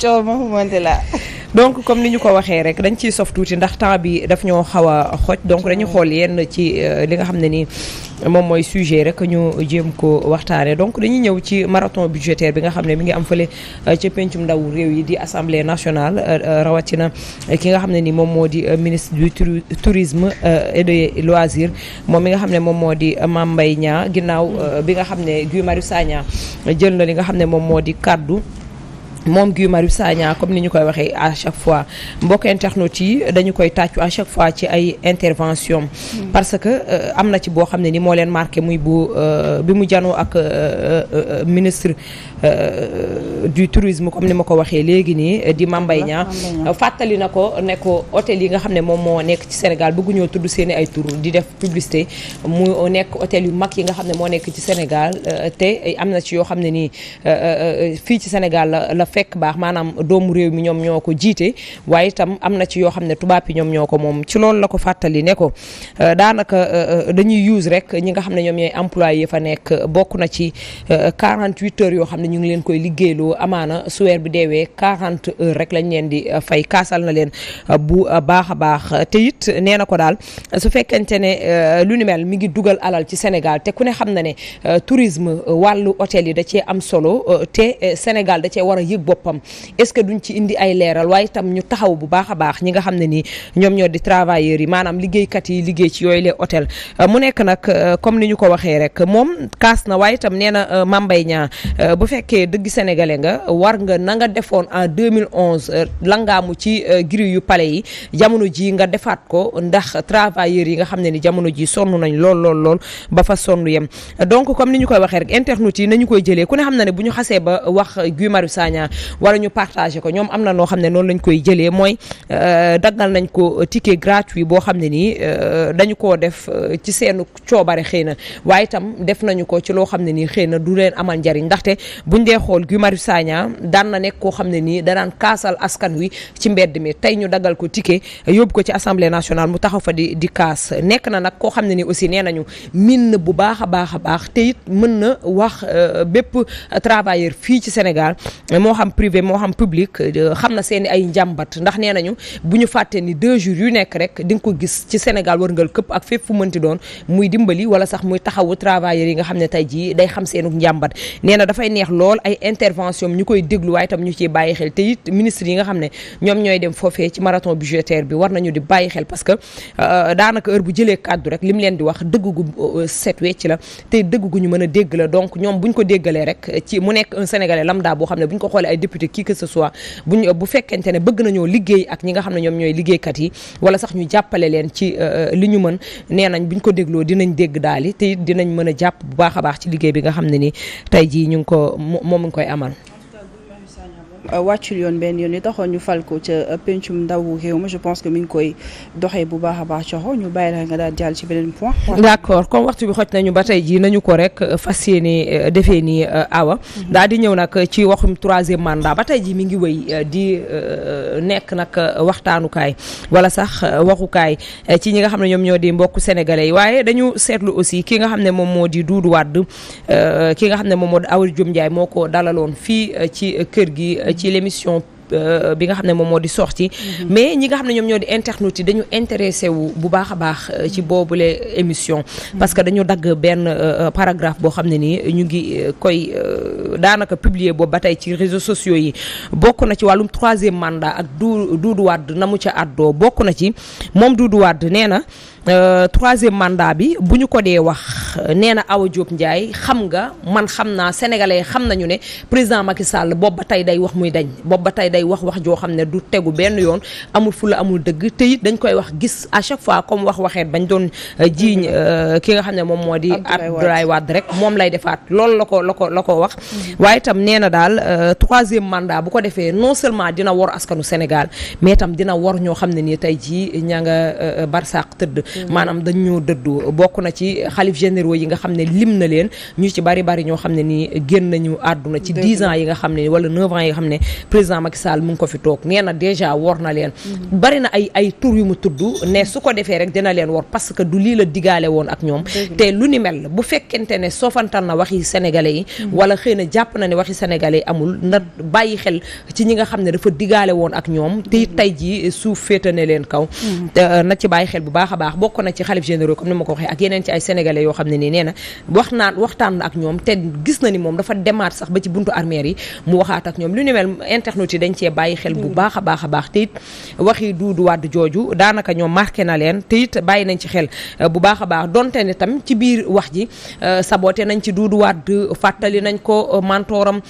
coow ma fu mënti laa donc comme ni ñu ko waxee rek dañ ciy sof tuuti ndax temps bi daf ñoo xaw a xoj donc dañu xool yenn ci euh, li nga xam ne ni moom mooy sujet rek ñu jéem ko waxtaanee donc dañuy ñëw ci marathon budgétaire bi nga xam ne mi ngi am fële euh, ca pencum ndaw réew yi di assemblée nationale euh, rawatina ki nga xam ne ni moom moo di ministre du tourisme et des loisirs moom mi nga xam ne moom moo di Mame Mbaye Niang ginnaaw bi nga xam ne Guy Marius Sagna jël na li nga xam ne moom moo di kaddu moom Guy Marius Sagna comme ni ñu koy waxee à chaque fois mbokk internautes yi dañu koy tàccu à chaque fois ci ay intervention mm. parce que euh, am na ci boo xam ne nii moo leen marqué muy bu euh, bi mu janoo ak euh, ministre du tourisme comme ni ma ko waxee léegi nii di mambay ñaa fàttali na ko ne ko hôtel yi nga xam ne moom moo nekk ci Sénégal bëgguñoo tudd seen ay tour di def publicité mu nekk hôtel yu mag yi nga xam ne moo nekk ci Sénégal te am na ci yoo xam ne nii fii ci Sénégal fekk baax maanaam doomu réew mi ñoom ñoo ko jiite waaye itam am na ci yoo xam ne tubaab yi ñoom ñoo ko moom ci loolu la ko fàttali ne ko euh, daanaka euh, euh, dañuy use rek ñi nga xam ne ñoom ñooy employé yi fa nekk bokk na ci 48 heures yoo xam ne ñu ngi leen koy liggéeyloo amaana su weer bi deewee 40 heures rek lañ leen di fay kaasal na leen bu baax a baax te it nee na ko daal su fekkente ne lu ni mel mi ngi dugal alal ci Sénégal te ku ne xam na ne tourisme wàllu hôtel yi da cee am solo te Sénégal da cee war a boppam est-ce que duñ ci indi ay leeral waaye itam ñu taxaw bu baax a baax ñi nga xam ne nii ñoom ñoo di travailleurs yi maanaam liggéeykat yi liggéey ci yooyu les hôtel euh, mu nekk nag euh, comme ni ñu ko waxee rek moom kaas na waaye itam nee na euh, Mame Mbaye bu fekkee dëgg sénégalais nga war nga na defoon en 2011 langaamu ci giri yu palais yi jamono ji nga defaat ko ndax travailleurs yi nga xam ne ni jamono ji sonn nañ lool lool lool ba fa sonn yem donc comme ni ñu koy waxee rek internet yi nañu koy jëlee ku ne xam na ne bu ñu xasee ba wax Guy Marius Sagna wala ñu partagé ko ñoom am na noo xam ne noonu lañ koy jëlee mooy euh, daggal nañ ko ticket gratuit boo xam ne nii euh, dañu ko def euh, ci seenu coobare xëy na waaye itam def nañu ko ci loo xam ne nii xëy na du leen amal njariñ ndaxte buñ dee xool Guy Marius Sagna daan na nekk koo xam ne nii danaan kaasal askan wi ci mbedd mi tey ñu daggal ko ticket yóbbu ko ci assemblée nationale mu taxaw fa di di kaas nekk na nag koo xam ne nii aussi nee nañu miin na bu baax a baax a baax te mën na wax bépp travailleur fii ci Sénégal xam privé moo xam public xam na seen i ay njàmbat ndax nee nañu bu ñu fàtte ni deux jours yu nekk rek di nga ko gis ci Sénégal wërngal këpp ak fépp fu mënti doon muy dimbali wala sax muy taxawu travailleurs yi nga xam ne tey jii day xam seenu njàmbat nee dafay neex lool ay intervention ñu koy déglu waaye tam ñu ciy bàyyi xel te it ministre yi nga xam ne ñoom ñooy dem foofee ci marathon budgétaire bi war nañu di bàyyi xel parce euh, daanaka heure bu jëlee euh, a ay député qui que ce soit buñ bu fekkente ne bëgg nañoo liggéey ak ñi nga xam ne ñoom ñooy liggéeykat yi wala sax ñu jàppale leen ci euh, euh, li ñu mën nee nañ buñ ko dégloo dinañ dégg daal te dinañ mën a jàpp bu baax a baax ci liggéey bi nga xam ne ni tey jii ñu ngi ko moom ngi koy amal Euh, wàccul yoon benn yoon yi taxoon ñu fal ko ca euh, pencum ndawu réew ma je pense que mu ngi koy doxee bu baax a baax coxo ñu bàyyi la nga daal jàll ci beneen point. d'accord comme waxtu bi xoj ba tey jii nañu ko rek euh, fas yéene defee nii awa. Mhm. daal di ñëw nag ci waxum troisième mandat ba tey jii mi ngi wëy di nekk nag waxtaanukaay wala sax waxukaay ci ñi nga xam ne ñoom ñoo di mbokk sénégalais yi waaye dañu seetlu aussi ki nga xam ne moom moo di Doudou Wade ki nga xam ne moom moo di Awa Diom Ndiaye moo ko dalaloon fii ci kër gi. ci émission Euh, bi nga xam ne moom moo di ci mhm. mais ñi nga xam ne ñoom ñoo di internautes yi dañu intéressé wu bu baax a baax euh, ci mhm. boobule émission mhm. parce que dañu dagg benn euh, paragraphe boo xam ne nii ñu ngi koy daanaka publier boobu ba tey ci réseau sociaux yi bokk na ci wàllum troisième mandat ak du Doudou na mu ca àddoo bokk na ci moom Doudou Wade nee na Euh, troisième mandat bi bu ñu ko dee wax nee na Awa Diop Ndiaye xam nga man xam naa sénégalais xam nañu ne président Macky Sall boobu ba tey day wax muy dañ day wax wax joo xam ne du tegu benn yoon amul fula amul dëgg te it dañ koy wax gis à chaque fois comme wax waxeet bañ doon euh, jiiñ mm-hmm. euh, ki nga xam ne moom moo di Abdoulaye Wade rek moom lay defaat loolu la ko la ko la ko wax mm-hmm. waaye tam nee na daal euh, troisième mandat bu ko defee non seulement dina wor askanu Sénégal mais itam dina wor ñoo xam ne nii tey ji ña nga barsàq tëdd mm-hmm. maanaam dañ ñoo dëddu bokk na ci xalif généraux yi nga xam ne lim na leen ñu ci bari bari ñoo xam ne nii génn nañu àdduna ci dix ans yi nga xam ne wala neuf ans yi xam ne Sall mu ngi ko fi toog nee na déjà wor na leen. Mhm. bari na ay ay tur yu mu tudd ne su ko defee rek dina leen wor parce que du lii la digaale woon ak ñoom. te lu ni mel bu fekkente ne soofantal na waxi sénégalais yi. Mhm. wala xëy na jàpp na ne waxi sénégalais yi amul na bàyyi xel ci ñi nga xam ne dafa digaale woon ak ñoom te tey jii suuf féete kaw. Mhm. Euh, na ci bàyyi a baax bokk na ci xalif généraux comme ni ma ko waxee ak yeneen ci ay sénégalais yoo xam ne nii nee na waxtaan ak ñoom te gis na ni moom dafa demaat sax ba ci buntu armeer yi mu waxaat ak ñoom lu ni mel internet yi nañ cee bàyyi xel bu baax a baax a baax te it waxi duudu wàdd jooju daanaka ñoom marqué na leen te it bàyyi nañ ci xel euh, bu baax a baax donte ne tam ci biir wax ji euh, sabote nañ ci duudu wàdd fàttali nañ ko euh, mantooram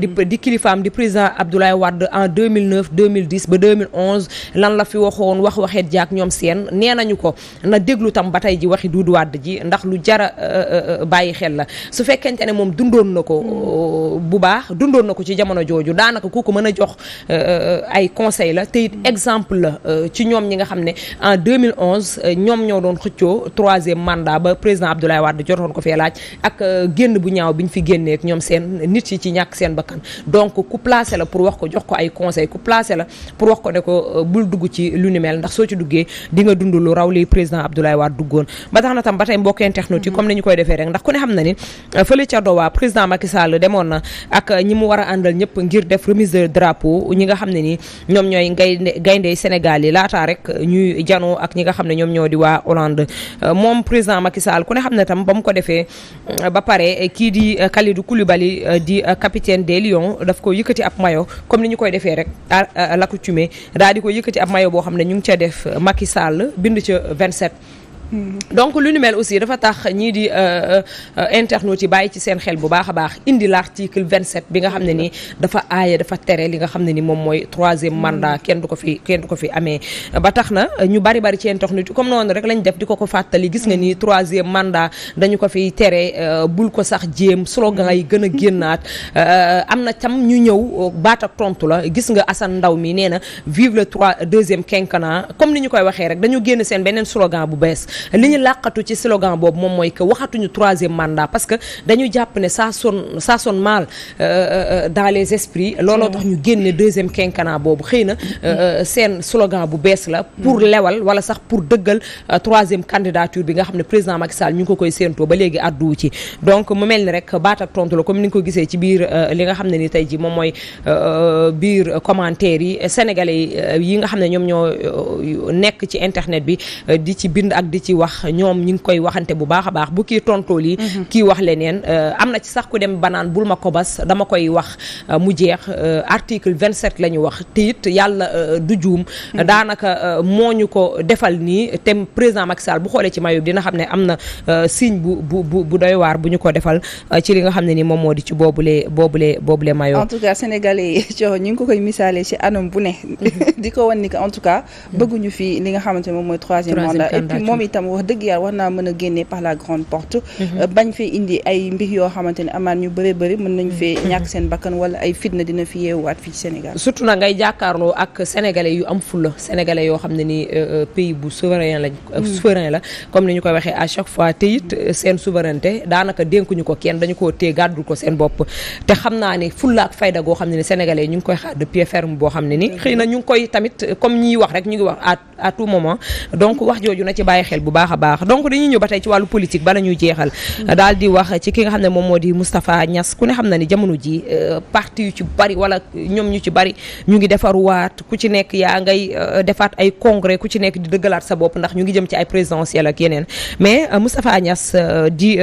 di di kilifaam di président Abdoulaye Wade en 2009 2010 ba 2011 lan la fi waxoon wax waxeet jaak ñoom seen nee nañu ko na déglu tam ba tey ji waxi duudu wàdd ji ndax lu jara bàyyi xel la su fekkente ne moom dundoon na ko hmm. bu baax dundoon na ko ci jamono jooju daanaka ku a jox Euh, euh, ay conseil la te exemple la euh, ci ñoom ñi nga xam ne en 2011 ñoom ñoo doon xëccoo troisième mandat ba président Abdoulaye Wade jotoon ko fee laaj ak génn bu ñaaw bi ñu fi génnee ak ñoom seen nit yi ci ñàkk seen bakkan donc ku placé la pour wax ko jox ko ay conseil ku placé la pour wax ko ne ko bul dugg ci lu ni mel ndax soo ci duggee di nga dund lu raw li président Abdoulaye Wade duggoon ba tax na tam ba tey mbokk internautes mm-hmm. comme ni ñu koy defee de ñi nga xam ne ni ñoom ñooy ngay gaynde gayndey Sénégal yi laataa rek ñuy janoo ak ñi nga xam ne ñoom ñoo di waa Hollande euh, moom président Macky Sall ku ne xam ne tam ba mu ko defee euh, ba pare euh, kii di Kalidou Koulibaly di capitaine de Lions daf ko yëkkati ab mayo comme ni ñu koy defee rek l'accoutumée daal di ko yëkkati ab mayo boo xam ne ñu ngi ca def Macky Sall bind ca 27 donc lu ni mel aussi dafa tax ñii di euh, euh, internautes yi bàyyi ci seen xel bu baax a baax indi l'article 27 bi nga xam ne ni dafa aaya dafa tere li nga xam ne ni moom mooy troisième mandat kenn du ko fi kenn du ko fi amee ba tax na ñu bari bari ci internautes yi comme noonu rek lañ def di ko ko fàttali gis nga ni troisième mandat dañu ko fiy tere euh, bul ko sax jéem slogan yi gën a génnaat am na cam ñu ñëw baat ak tontu la gis nga Assane Ndaw mi nee na vive le trois deuxième quinquennat comme ni ñu koy waxee rek dañu génn seen beneen slogan bu bees li ñu làqatu ci slogan boobu moom mooy que waxatuñu troisième mandat parce que dañu jàpp ne ça sonne ça sonne mal euh, euh, euh, dans les esprits looloo tax ñu génne deuxième quinquennat boobu xëy na seen slogan bu bees la pour lewal wala sax pour dëggal troisième candidature bi nga xam ne président Macky Sall ñu ngi ko koy séentoo ba léegi àddu ci donc mu mel ni rek baat ak tontu la comme ni nga ko gisee ci biir li nga xam ne ni tey ji moom mooy biir commentaire yi sénégalais yi nga xam ne ñoom ñoo nekk ci internet bi di ci bind ak ci wax ñoom ñu ngi koy waxante bu baax a baax bu kii tontoo lii mhm. kii wax leneen euh, am na ci sax ku dem banaan bul ma ko bas dama koy wax euh, mu jeex euh, article 27 la ñu wax te it yàlla du juum mhm. daanaka moo ñu ko defal nii te président Macky Sall bu xoolee ci mayub dina xam ne am na signe bu bu bu bu doy waar bu ñu ko defal ci li nga xam ne ni moom moo di ci boobule boobule boobule mayo en tout cas sénégalais yi coow ñu ngi ko koy misaale ci anam bu ne mhm. di ko wan ni que en tout cas bëgguñu itam wax dëgg yàlla war naa mën a génne par la grande porte mhm. bañ fee indi ay mbir yoo xamante ne amaan ñu bëri bëri mën nañ fee mhm. ñàkk seen bakkan wala ay fitna dina fi yeewaat fii ci Sénégal surtout na ngay jàkkaarloo ak sénégalais yu am fulla sénégalais yoo xam ne ni euh, euh, pays bu souverain lañ euh, mhm. souverain la comme ni ñu koy waxee à chaque fois te it seen souveraineté daanaka dénkuñu ko kenn dañu ko téye gàddul ko seen bopp te xam naa ne fulla ak fayda goo xam ne ni sénégalais ñu ngi koy xaar de boo xam ne ni na ñu ngi koy ñu ngi wax bu baax a baax donc dañuy ñëw ba tey ci wàllu politique bala ñuy jeexal daal di wax ci ki nga xam ne moom moo di Moustapha Niass ku ne xam na ni jamono ji euh, parti ci bari wala ñoom ñu ci bari ñu ngi defaruwaat ku ci nekk yaa ngay euh, defaat ay congrès ku ci nekk di dëggalaat sa bopp ndax ñu ngi jëm ci ay présidentielles ak yeneen mais euh, Moustapha Niass di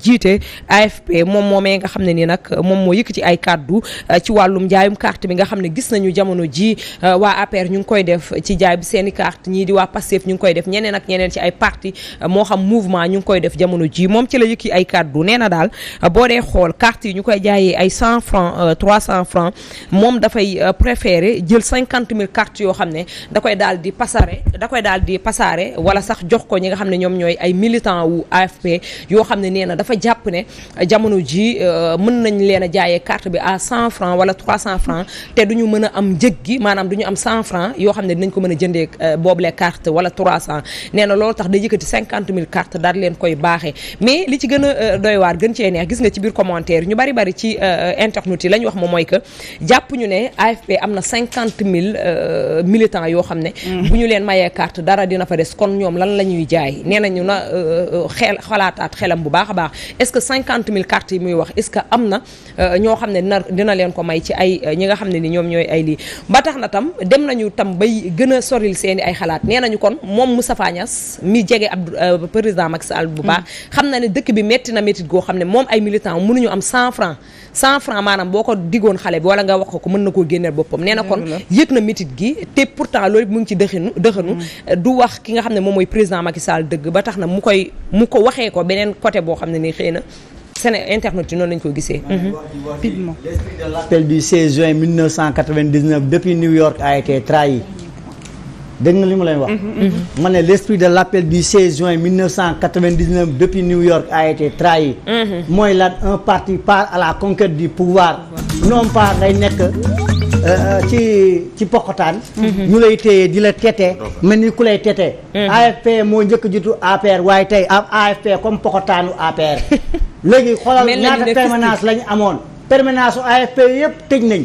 jiite AFP moom moomee nga xam ne ni nag moom moo yëkk ci ay kàddu ci wàllum jaayum carte bi nga xam ne gis nañu jamono jii waa APR ñu ngi koy def ci jaay bi seeni carte ñii di waa Pastef ñu ngi koy def ñeneen ak ñeneen ci ay parti euh, moo xam mouvement ñu ngi koy def jamono jii moom ci la yëkki ay kàddu nee na daal euh, boo dee xool carte yi ñu koy jaayee ay cent francs euh, trois cent francs moom dafay préféré jël cinquante mille cartes yoo xam ne da daal di pasare da koy daal di pasare wala sax jox ko ñi nga xam ne ñoom ñooy ay militant wu AFP yoo xam ne nee na dafa jàpp ne jamono ji mën nañ leen a jaayee carte bi à cent francs wala trois cent francs te duñu mën am njëg gi maanaam duñu am cent francs yoo xam ne dinañ ko mën a jënde boobule carte wala trois cent nee loolu tax ndax day yëkkati cinquante mille cartes daal leen koy baaxee mais li ci gën a euh, doy waar gën cee neex gis nga ci biir commentaire ñu bari bari ci euh, internet yi la ñu wax moom mooy que jàpp ñu ne AFP am na cinquante mille euh, militants yoo xam ne. Mm. bu ñu leen mayee carte dara dina fa des kon ñoom lan la ñuy jaay nee nañu na xel xalaataat xelam bu baax a baax est-ce que cinquante mille cartes yi muy wax est-ce que am na ñoo xam ne dina dina leen ko may ci ay ñi nga xam ne ni ñoom ñooy ay lii ba tax na tam dem nañu tam bay gën a soril seen ay xalaat nee nañu kon ñi jege Abdou euh, président Macky Sall bu baax mm. xam na ne dëkk bi metti na métti goo xam ne moom ay militant mënuñu am cent franc cent franc maanaam boo ko digoon xale bi wala nga wax ko ko mën na koo génneel boppam nee kon mm-hmm. yëg na métit gi te pourtant loolu mu ngi ci dëxanu mm. euh, du wax ki nga xam ne moom mooy président Macky Sall dëgg ba tax na mu koy mu ko waxee ko beneen côté boo xam ne ni xëy na Séné internet yi noonu lañ ko gisee. l'esprit mm-hmm. mm-hmm. de l'appel a dégg li ma leen wax. Mhm, mhm. Mhm. ma ne l' esprit de l' appel du 16 juin 1999 depuis New York a été mooy lan un parti part à la conquête du pouvoir. non pas day nekk euh, euh, ci ci ñu lay téye di la tete mel ni ku lay tete. AFP moo njëkk jitu APR waaye tey am AFP comme pokkotaanu APR. léegi xoolal ñaata permanence lañu amoon. permanence su AFP yëpp tëj nañ.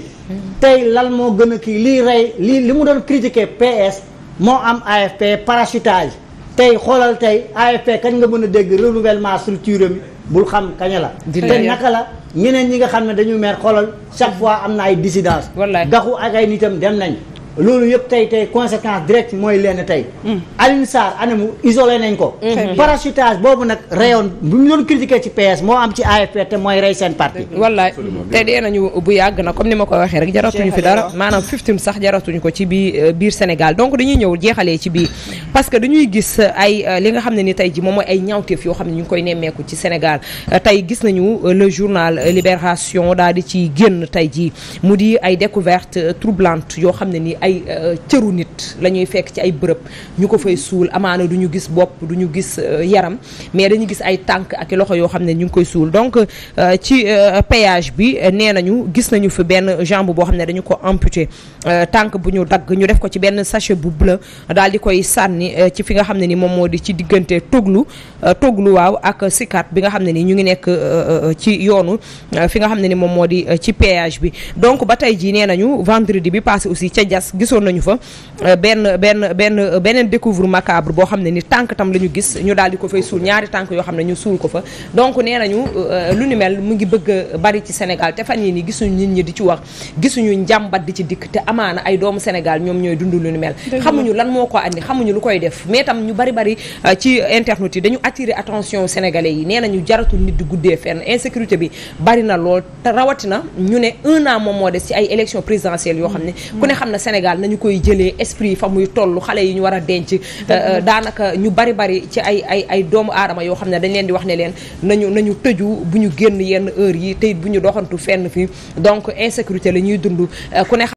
tey lan moo gën a kii lii rey lii li mu doon critiquer PS. moo am AFP parachutage tey xoolal tey AFP kañ nga mën a dégg renouvellement structure mi bul xam kañ la. te naka la ñeneen ñi nga xam ne dañu mer xoolal chaque fois am na ay dissidence. gaxu ak ay nitam dem nañ. loolu yëpp tey tey conséquence directe mooy lenn tey. Hmm. Alioune Sarr anamu isolé nañ ko. Hmm. parachutage boobu nag rayon bu ñu doon critiqué ci PS moo am ci AFP te mooy rey seen parti. wallaay te dee nañu bu yàgg na comme ni ma koy waxee rek jaratuñu fi dara maanaam fiftim sax jaratuñu ko ci biir euh, biir Sénégal donc dañuy ñëw jeexalee ci biir. parce que dañuy gis euh, ay euh, li nga xam ne ni tey ji moom mooy ay ñaawteef yoo xam ne ñu ngi koy nemmeeku ci Sénégal tey gis nañu le journal Libération daal di ci génn tey ji mu di ay découverte troublante yoo xam ne ni ay euh, cëru nit la ñuy fekk ci ay bërëb ñu ko fay suul amaana du ñu gis bopp du ñu gis euh, yaram mais dañu gis ay tànk ak loxo yoo xam ne ñu ngi koy suul donc euh, ci péage bi nee nañu gis nañu fi benn jambe boo xam ne dañu ko amputé tànk bu ñu dagg ñu def ko ci benn sachet bu bleu daal di koy sànni ci fi nga xam ne ni moom moo di ci diggante toglu toglu waaw ak sikat bi nga xam ne ni ñu ngi nekk ci yoonu fi nga xam ne ni moom moo di ci péage bi donc ba tey jii nee nañu vendredi bi passé aussi ca jas gisoon nañu fa euh, benn benn benn beneen découvre macabre boo xam ne ni tànk tam la ñu gis ñu daal di ko fay suul ñaari tànk yoo xam ne ñu suul ko fa donc nee nañu euh, lu ni mel mu ngi bëgg bari ci Sénégal te fan yii nii gisuñu nit ñi di ci wax gisuñu njàmbat di ci dikk te amaana ay doomu Sénégal ñoom ñooy dund lu ni mel xamuñu lan moo ko andi xamuñu lu koy def mais tam ñu bari bari euh, ci internet yi dañu attirer attention sénégalais yi nee ñu jaratul nit di guddee fenn insécurité bi bari na lool rawatina ñu ne un an moom moo des ci ay élection présidentielle yoo xam ne mm. xam na Sénégal nañu koy jëlee esprit yi fa muy tollu xale yi ñu war a denc euh, daanaka ñu bari bari ci ay ay ay doomu aadama yoo xam ne dañ leen di wax ne leen nañu nañu tëju bu ñu génn yenn heure yi tey bu ñu doxantu fenn fi donc insécurité la ñuy dund euh, ku ne